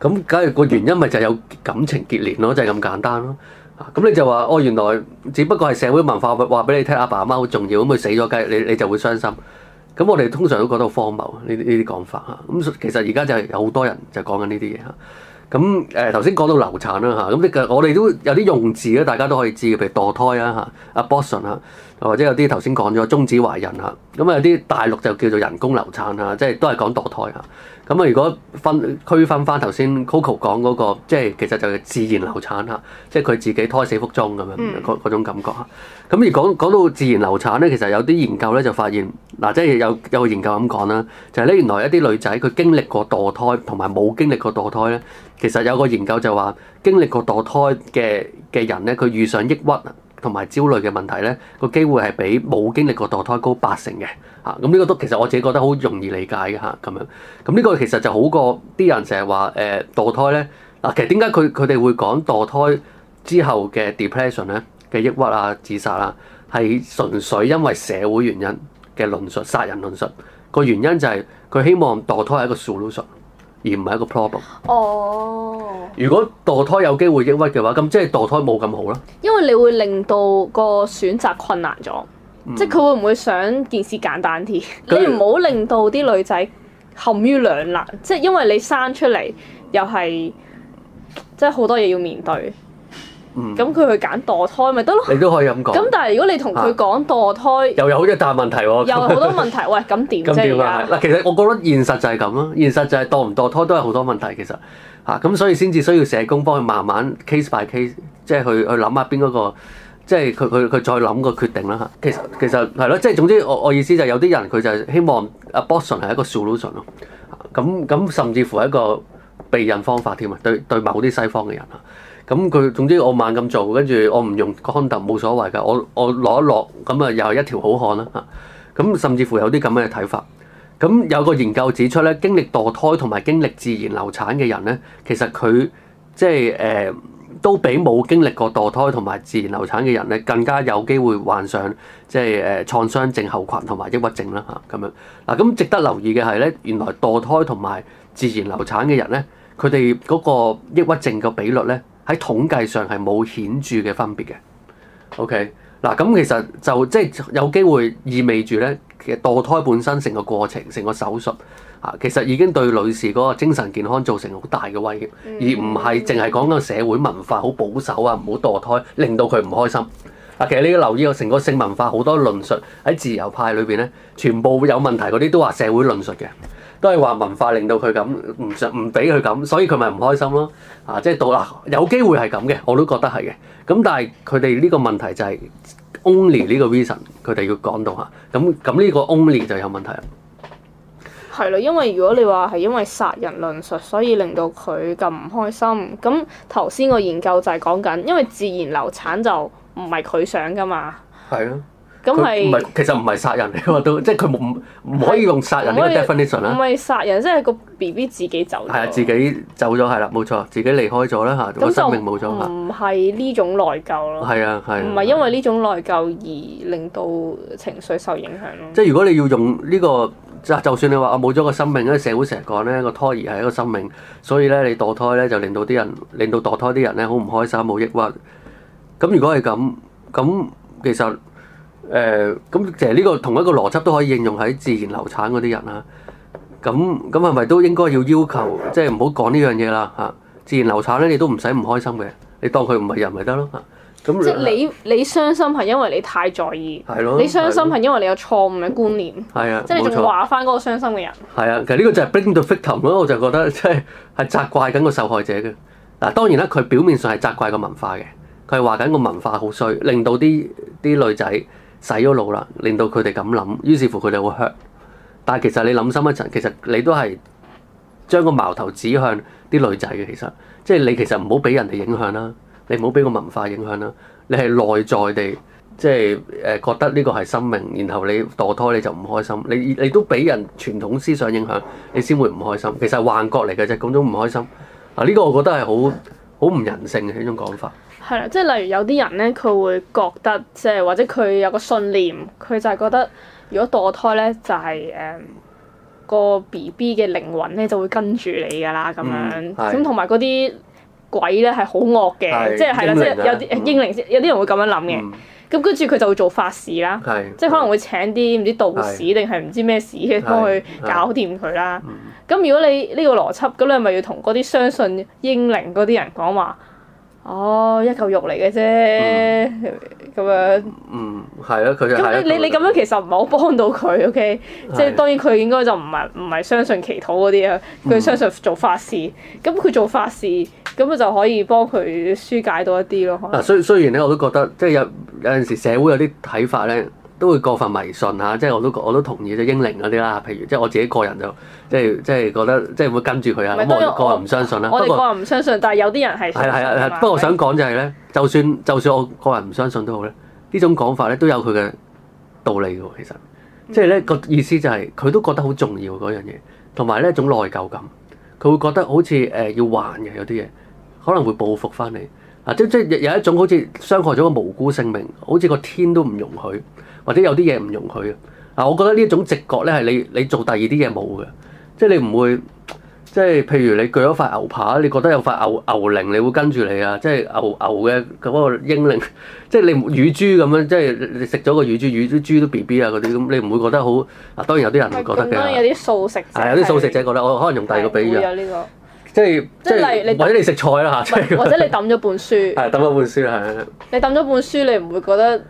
咁假如個原因咪就係有感情結連咯，就係咁簡單咯。咁、嗯、你就話哦，原來只不過係社會文化話俾你聽，阿爸阿媽好重要，咁、嗯、佢死咗雞，你你就會傷心。咁、嗯、我哋通常都覺得好荒謬呢啲講法嚇。咁、嗯、其實而家就係有好多人就講緊呢啲嘢嚇。咁誒頭先講到流產啦嚇，咁、嗯嗯、我哋都有啲用字咧，大家都可以知譬如墮胎啦嚇。Abortion 嚇。或者有啲頭先講咗中止懷孕嚇，咁啊有啲大陸就叫做人工流產嚇，即係都係講墮胎嚇。咁啊如果分區分返頭先 Coco 講嗰、那個，即係其實就自然流產嚇，即係佢自己胎死腹中咁樣嗰種感覺嚇。咁、嗯、而講講到自然流產咧，其實有啲研究咧就發現嗱、啊，即係有有個研究咁講啦，就係、是、咧原來一啲女仔佢經歷過墮胎同埋冇經歷過墮胎咧，其實有個研究就話經歷過墮胎嘅嘅人咧，佢遇上抑鬱同埋焦慮嘅問題咧，個機會係比冇經歷過墮胎高八成嘅嚇，咁、啊、呢、嗯這個都其實我自己覺得好容易理解嘅嚇，咁、啊、樣咁呢、嗯這個其實就好過啲人成日話誒墮胎咧嗱，其實點解佢佢哋會講墮胎之後嘅 depression 咧嘅抑鬱啊、自殺啊，係純粹因為社會原因嘅論述、殺人論述，個原因就係佢希望墮胎係一個 solution。而唔係一個 problem。哦。Oh，如果墮胎有機會抑鬱嘅話，咁即係墮胎冇咁好啦。因為你會令到個選擇困難咗，嗯、即係佢會唔會想件事簡單啲？它 你唔好令到啲女仔陷於兩難，即係因為你生出嚟又係即係好多嘢要面對。咁佢、 *music* 嗯、去揀墮胎咪得咯？你都可以咁講。咁但係如果你同佢講墮胎，又有咗一大問題喎、啊，有好多問題。喂， *music* 咁點啫？嗱、啊，啊、其實我覺得現實就係咁咯，現實就係墮唔墮胎都係好多問題其實嚇，咁所以先至需要社工幫佢慢慢 *music* case by case，即係去去諗下邊嗰個，即係佢佢佢再諗個決定啦嚇。其實其實係咯，即係總之我我意思就係有啲人佢就希望 abortion 係一個 solution 咯，咁咁甚至乎係一個避孕方法添啊，對對，對，對某啲西方嘅人咁佢總之我慢咁做，跟住我唔用 condom，冇所謂嘅，我我攞一落，咁啊又係一條好漢啦嚇！咁甚至乎有啲咁嘅睇法。咁有個研究指出咧，經歷墮胎同埋經歷自然流產嘅人咧，其實佢即係誒、呃、都比冇經歷過墮胎同埋自然流產嘅人咧，更加有機會患上即係誒創傷症候群同埋抑鬱症啦嚇！咁樣嗱，咁值得留意嘅係咧，原來墮胎同埋自然流產嘅人咧，佢哋嗰個抑鬱症嘅比率咧，喺統計上係冇顯著嘅分別嘅，OK 嗱，咁其實就即係、就是、有機會意味住咧，其實墮胎本身成個過程成個手術啊，其實已經對女士嗰個精神健康造成好大嘅威脅，而唔係淨係講緊社會文化好保守啊，唔好墮胎令到佢唔開心。嗱、啊，其實你要留意個成個性文化好多論述喺自由派裏邊咧，全部有問題嗰啲都話社會論述嘅。都係話文化令到佢咁唔想唔俾佢咁，所以佢咪唔開心咯啊！即係到啦、啊，有機會係咁嘅，我都覺得係嘅。咁但係佢哋呢個問題就係 only 呢個 reason，佢哋要講到吓。咁咁呢個 only 就有問題啦。係啦，因為如果你話係因為殺人論述，所以令到佢咁唔開心。咁頭先個研究就係講緊，因為自然流產就唔係佢想㗎嘛。係咯。咁係唔係其實唔係殺人嚟嘅，都即係佢唔唔可以用殺人呢個 definition 啊？唔係殺人，即、就、係、是、個 B B 自己走係啊，自己走咗係啦，冇、啊、錯，自己離開咗啦嚇，個那就 生命冇咗啦。唔係呢種內疚咯，係啊係，唔係、啊啊、因為呢種內疚而令到情緒受影響咯。啊啊啊、即係如果你要用呢、這個，就算你話我冇咗個生命咧，社會成日講咧個胎兒係一個生命，所以咧你墮胎咧就令到啲人，令到墮胎啲人咧好唔開心，冇抑鬱。咁如果係咁，咁其實。誒咁，其實呢個同一個邏輯都可以應用喺自然流產嗰啲人啦、啊。咁咁係咪都應該要要求，即係唔好講呢樣嘢啦嚇？自然流產咧，你都唔使唔開心嘅，你當佢唔係人咪得咯嚇？咁即係你你傷心係因為你太在意係咯，的你傷心係因為你有錯誤嘅觀念係啊，即係你仲話翻嗰個傷心嘅人係啊，其實呢個就係 blaming victim 咯。我就覺得即係係責怪緊個受害者嘅嗱。當然啦，佢表面上係責怪個文化嘅，佢係話緊個文化好衰，令到啲啲女仔。洗咗腦啦，令到佢哋咁諗，於是乎佢哋會 hurt。但係其實你諗深一層，其實你都係將個矛頭指向啲女仔嘅。其實，即係你其實唔好俾人哋影響啦，你唔好俾個文化影響啦。你係內在地即係誒覺得呢個係生命，然後你墮胎你就唔開心，你你都俾人傳統思想影響，你先會唔開心。其實係幻覺嚟嘅啫，嗰種唔開心。嗱呢個我覺得係好好唔人性嘅一種講法。係啦，即係例如有啲人咧，佢會覺得即係或者佢有個信念，佢就係覺得如果墮胎咧，就係、是、誒、嗯那個 B B 嘅靈魂咧就會跟住你噶啦咁樣，咁同埋嗰啲鬼咧係好惡嘅，即係係啦，即係有啲英靈先、啊，有啲、嗯、人會咁樣諗嘅。咁、嗯、跟住佢就會做法事啦，即係可能會請啲唔知道士知是定係唔知咩事嘅幫佢搞掂佢啦。咁、嗯、如果你呢個邏輯，咁你係咪要同嗰啲相信英靈嗰啲人講話？哦，一嚿肉嚟嘅啫，咁、嗯、樣嗯。嗯，係啊，佢就咁，你你咁樣其實唔係好幫到佢，OK？的即係當然佢應該就唔係唔係相信祈禱嗰啲啊，佢相信做法事。咁佢、嗯、做法事，咁佢就可以幫佢舒解到一啲咯。可能。嗱、啊，雖雖然咧，我都覺得即係有有陣時社會有啲睇法咧。都會過分迷信啊，即係我都我都同意啫，英靈嗰啲啦，譬如即係我自己個人就即係即係覺得即係會跟住佢啊，我我個人唔相信啦。我哋個人唔相信，但係有啲人係。係係係，不過我想講就係咧，就算就算我個人唔相信都好咧，呢種講法咧都有佢嘅道理嘅，其實即係咧個意思就係佢都覺得好重要嗰樣嘢，同埋呢一種內疚感，佢會覺得好似誒要還嘅有啲嘢，可能會報復翻你啊！即即係有一種好似傷害咗個無辜性命，好似個天都唔容許。或者有啲嘢唔容許嘅，我覺得呢一種直覺咧係你你做第二啲嘢冇嘅，即係你唔會，即係譬如你鋸咗塊牛扒，你覺得有塊牛牛鈴，你會跟住你啊，即係牛牛嘅嗰個英靈，即係你乳豬咁樣，即係你食咗個乳豬，乳豬豬都 B B 啊嗰啲，咁你唔會覺得好，嗱當然有啲人會覺得嘅。當然有啲素食。有啲素食者覺得，我可能用第二個比喻。有呢個。即係即係，或者你食菜啦吓，或者你抌咗本書。係抌咗本書係。你抌咗本書，你唔會覺得。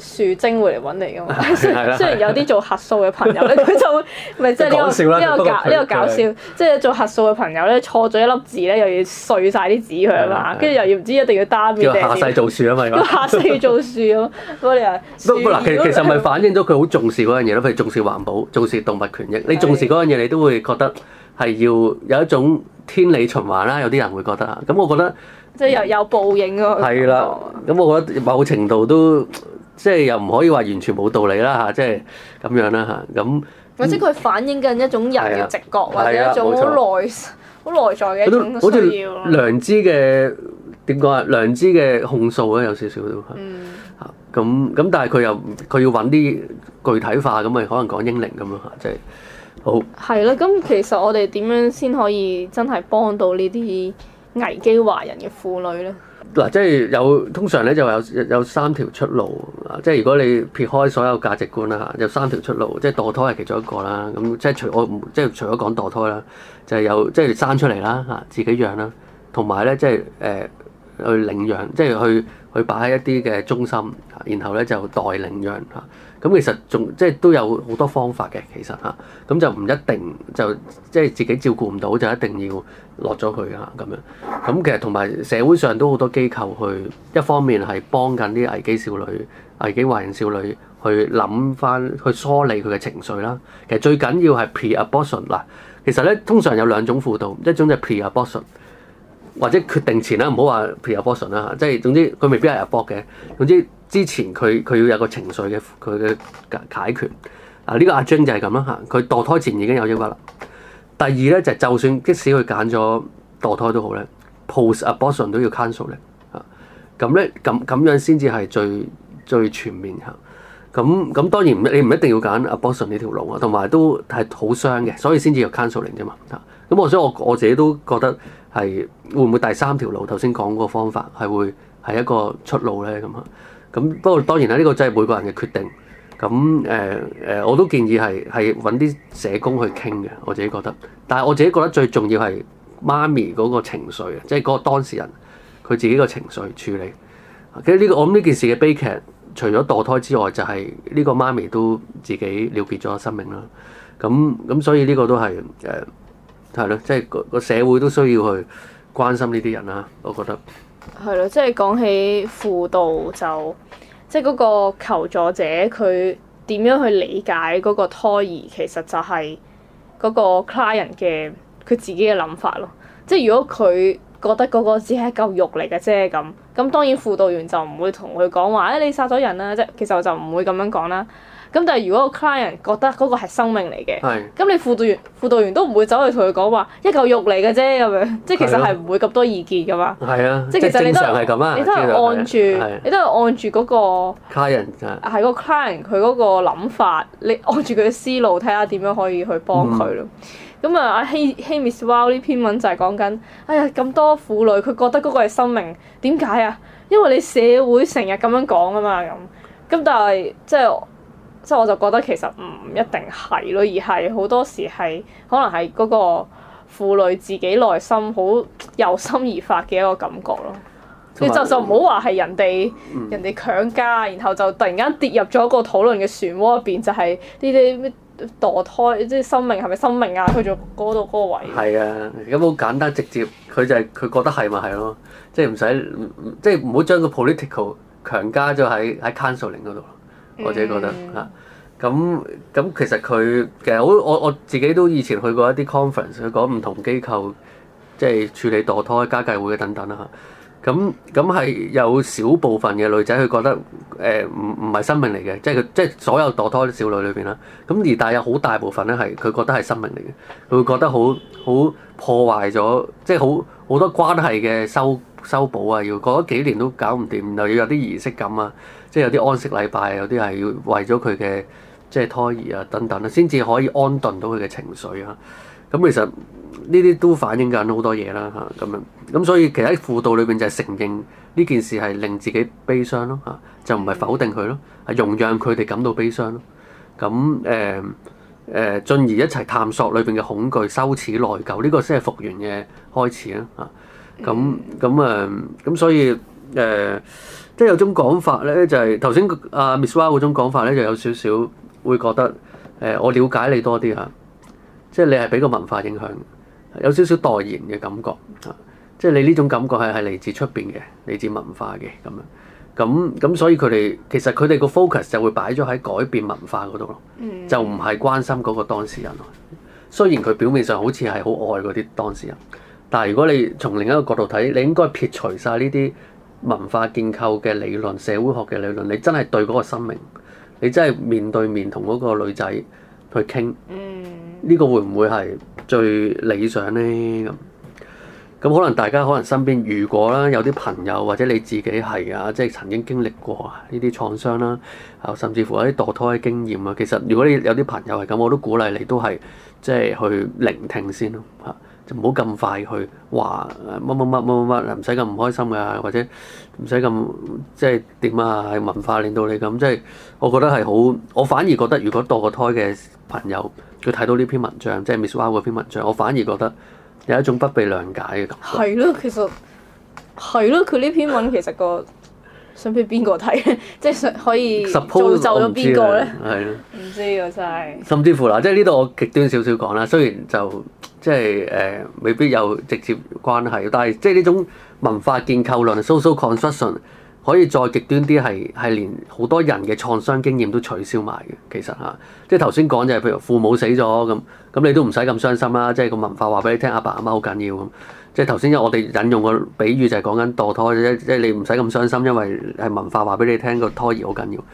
樹精會嚟搵你㗎嘛？雖然有啲做核數嘅朋友咧，佢就咪即係呢個呢個搞呢個搞笑，即係做核數嘅朋友咧，錯咗一粒字咧，又要碎晒啲紙佢啊嘛，跟住又要唔知一定要單面要下世做樹啊嘛，要下世要做樹咁。不過你話，嗱，其實其實咪反映咗佢好重視嗰樣嘢咯，譬如重視環保、重視動物權益。你重視嗰樣嘢，你都會覺得係要有一種天理循環啦。有啲人會覺得啊，咁我覺得即係又有報應咯。係啦，咁我覺得某程度都。即係又唔可以話完全冇道理啦嚇，即係咁樣啦嚇，咁或者佢反映緊一種人嘅直覺，啊、或者一種好內、好內在嘅一種需要。好良知嘅點講啊，良知嘅控訴啦，有少少都嚇咁咁，嗯、但係佢又佢要揾啲具體化，咁咪可能講英靈咁咯嚇，即係好。係啦、啊，咁其實我哋點樣先可以真係幫到呢啲危機懷孕嘅婦女咧？嗱，即係有通常咧就話有有三條出路啊。即係如果你撇開所有價值觀啦，有三條出路，即係墮胎係其中一個啦。咁即係除我即係除咗講墮胎啦，就係、是、有即係生出嚟啦，嚇自己養啦，同埋咧即係誒、呃、去領養，即係去去擺喺一啲嘅中心，然後咧就代領養嚇。咁其實仲即係都有好多方法嘅，其實嚇，咁就唔一定就即係自己照顧唔到，就一定要落咗佢。啊咁樣。咁其實同埋社會上都好多機構去，一方面係幫緊啲危機少女、危機懷孕少女去諗翻、去梳理佢嘅情緒啦。其實最緊要係 pre-abortion 嗱，ab ortion, 其實咧通常有兩種輔導，一種就係 pre-abortion，或者決定前啦，唔好話 pre-abortion 啦，即係總之佢未必係 abort 嘅，總之。之前佢佢要有一個情緒嘅佢嘅解解決啊。呢個阿 Jane 就係咁啦嚇。佢墮胎前已經有抑鬱啦。第二咧就係，就算即使佢揀咗墮胎都好咧，post-abortion 都要 counseling 嚇。咁咧咁咁樣先至係最最全面嚇。咁咁當然唔你唔一定要揀 abortion 呢條路啊，同埋都係好傷嘅，所以先至有 counseling 啫嘛。咁我所以我我自己都覺得係會唔會第三條路頭先講嗰個方法係會係一個出路咧咁啊？咁不過當然係呢個真係每個人嘅決定。咁誒誒，我都建議係係揾啲社工去傾嘅。我自己覺得，但係我自己覺得最重要係媽咪嗰個情緒，即係嗰個當事人佢自己個情緒處理。其實呢、這個我諗呢件事嘅悲劇，除咗墮胎之外，就係、是、呢個媽咪都自己了結咗生命啦。咁咁所以呢個都係誒係咯，即、呃、係、就是、個個社會都需要去關心呢啲人啦。我覺得。係咯，即係講起輔導就，即係嗰個求助者佢點樣去理解嗰個胎兒，其實就係嗰個 client 嘅佢自己嘅諗法咯。即係如果佢覺得嗰個只係一嚿肉嚟嘅啫咁，咁當然輔導員就唔會同佢講話，誒、哎、你殺咗人啦，即其實我就唔會咁樣講啦。咁但係如果個 client 覺得嗰個係生命嚟嘅，咁的你輔導員輔導員都唔會走去同佢講話一嚿肉嚟嘅啫咁樣，即係 *laughs* 其實係唔會咁多意見噶嘛。係的啊，即係正常係咁啊。你都係按住、那個，的你都係按住嗰、那個 client 啊，係個 client 佢嗰個諗法，你按住佢嘅思路，睇下點樣可以去幫佢咯。咁、 *laughs* 嗯、啊，阿希希 Miss Wow 呢篇文就係講緊，哎呀咁多婦女佢覺得嗰個係生命，點解啊？因為你社會成日咁樣講啊嘛咁，咁但係即係。即係我就覺得其實唔一定係咯，而係好多時係可能係嗰個婦女自己內心好由心而發嘅一個感覺咯。是你就就唔好話係人哋、嗯、人哋強加，然後就突然間跌入咗個討論嘅漩渦入邊，就係呢啲墮胎，即、就、係、是、生命係咪生命啊？去咗嗰度嗰個位。係啊，咁好簡單直接，佢就係、是、佢覺得係咪係咯，即係唔使即係唔好將個 political 強加咗喺喺 counseling 嗰度。我自己覺得嚇，咁咁其實佢其實好我我自己都以前去過一啲 conference，去講唔同機構即係、就是、處理墮胎、家計會嘅等等啦嚇。咁咁係有少部分嘅女仔佢覺得誒唔唔係生命嚟嘅，即係佢即係所有墮胎少女裏邊啦。咁而但係有好大部分咧係佢覺得係生命嚟嘅，佢會覺得好好破壞咗，即係好好多關係嘅修修補啊，要過咗幾年都搞唔掂，又要有啲儀式感啊。即係有啲安息禮拜，有啲係要為咗佢嘅即係胎兒啊等等啦，先至可以安頓到佢嘅情緒啊。咁其實呢啲都反映緊好多嘢啦嚇，咁樣咁所以其實喺輔導裏邊就係承認呢件事係令自己悲傷咯嚇、啊，就唔係否定佢咯，係容讓佢哋感到悲傷咯。咁誒誒進而一齊探索裏邊嘅恐懼、羞恥、內疚，呢、這個先係復原嘅開始啊嚇。咁咁誒咁所以。誒、呃，即係有種講法咧，就係、是、頭先阿 Miss Wah 嗰種講法咧，就有少少會覺得誒、呃，我了解你多啲嚇、啊，即係你係俾個文化影響，有少少代言嘅感覺嚇、啊，即係你呢種感覺係係嚟自出邊嘅，嚟自文化嘅咁樣，咁、啊、咁所以佢哋其實佢哋個 focus 就會擺咗喺改變文化嗰度咯，嗯、就唔係關心嗰個當事人咯。雖然佢表面上好似係好愛嗰啲當事人，但係如果你從另一個角度睇，你應該撇除晒呢啲。文化建構嘅理論、社會學嘅理論，你真係對嗰個生命，你真係面對面同嗰個女仔去傾，呢個會唔會係最理想呢？咁咁可能大家可能身邊如果啦，有啲朋友或者你自己係啊，即係曾經經歷過呢啲創傷啦，啊甚至乎一啲墮胎經驗啊，其實如果你有啲朋友係咁，我都鼓勵你都係即係去聆聽先咯，嚇。唔好咁快去話乜乜乜乜乜乜，唔使咁唔開心㗎，或者唔使咁即係點啊？係文化令到你咁，即係我覺得係好。我反而覺得，如果墮過胎嘅朋友佢睇到呢篇文章，即係 Miss Wall 嗰篇文章，我反而覺得有一種不被諒解嘅感覺。係咯，其實係咯，佢呢篇文其實個想俾邊個睇？即係想可以造就咗邊個咧？係咯，唔知啊，真係。甚至乎嗱，即係呢度我極端少少講啦。雖然就即係誒，未必有直接關係，但係即係呢種文化建構論 （social construction） 可以再極端啲，係係連好多人嘅創傷經驗都取消埋嘅。其實嚇，即係頭先講就係、是就是、譬如父母死咗咁，咁你都唔使咁傷心啦。即係個文化話俾你聽，阿爸阿媽好緊要咁。即係頭先我哋引用個比喻就係講緊墮胎，即即係你唔使咁傷心，因為係文化話俾你聽個胎兒好緊要。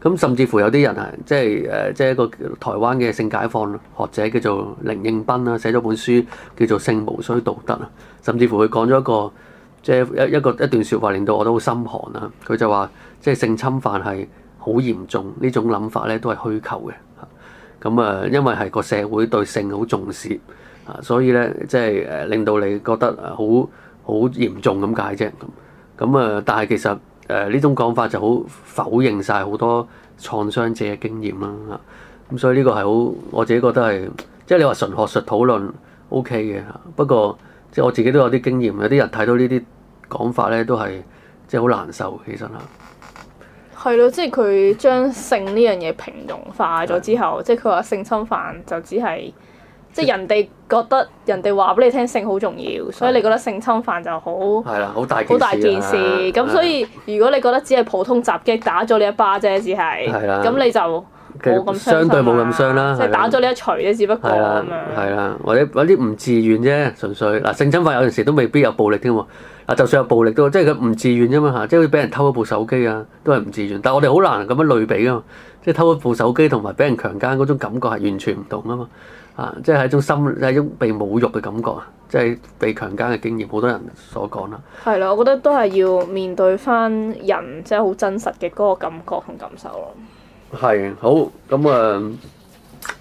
咁甚至乎有啲人啊，即係誒，即係一個台灣嘅性解放學者叫做甯應斌啦，寫咗本書叫做《性無需道德》啊。甚至乎佢講咗一個即係一一個一段説話，令到我都好心寒啊。佢就話即係性侵犯係好嚴重，呢種諗法咧都係虛構嘅。咁啊，因為係個社會對性好重視。所以咧，即係誒，令到你覺得好好嚴重咁解啫。咁啊，但係其實誒呢種講法就好否認晒好多創傷者嘅經驗啦。嚇，咁所以呢個係好，我自己覺得係，即係你話純學術討論 O K 嘅嚇。不過即係我自己都有啲經驗，有啲人睇到呢啲講法咧，都係即係好難受，其實嚇。係咯，即係佢將性呢樣嘢平庸化咗之後，即係佢話性侵犯就只係。即係人哋覺得人哋話俾你聽性好重要，所以你覺得性侵犯就好係啦，好大好大件事。咁的所以如果你覺得只係普通襲擊打咗你一巴啫，只係咁你就冇咁相,相對冇咁傷啦。即係打咗你一錘啫，的只不過咁樣係啦，或者或者唔自願啫，純粹嗱、啊、性侵犯有陣時都未必有暴力添喎。嗱就算有暴力都即係佢唔自願啫嘛嚇，即係俾人偷咗部手機啊，都係唔自願。但係我哋好難咁樣類比啊，即係偷咗部手機同埋俾人強奸嗰種感覺係完全唔同啊嘛。啊，即係一種心，係一種被侮辱嘅感覺啊，即係被強姦嘅經驗，好多人所講啦。係啦，我覺得都係要面對翻人，即係好真實嘅嗰個感覺同感受咯。係好咁啊、嗯嗯！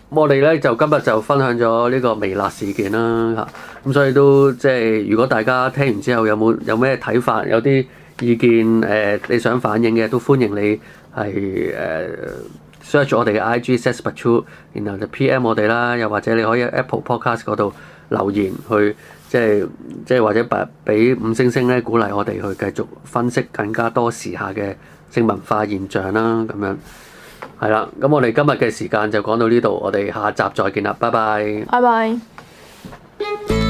我哋咧就今日就分享咗呢個微辣事件啦嚇，咁、嗯、所以都即係如果大家聽完之後有冇有咩睇法，有啲意見誒、呃，你想反映嘅都歡迎你係誒。search 我哋嘅 IG sayspetu，然後就 PM 我哋啦，又或者你可以喺 Apple Podcast 嗰度留言去，即係即係或者俾五星星咧鼓勵我哋去繼續分析更加多時下嘅性文化現象啦，咁樣係啦。咁我哋今日嘅時間就講到呢度，我哋下集再見啦，拜拜。拜拜。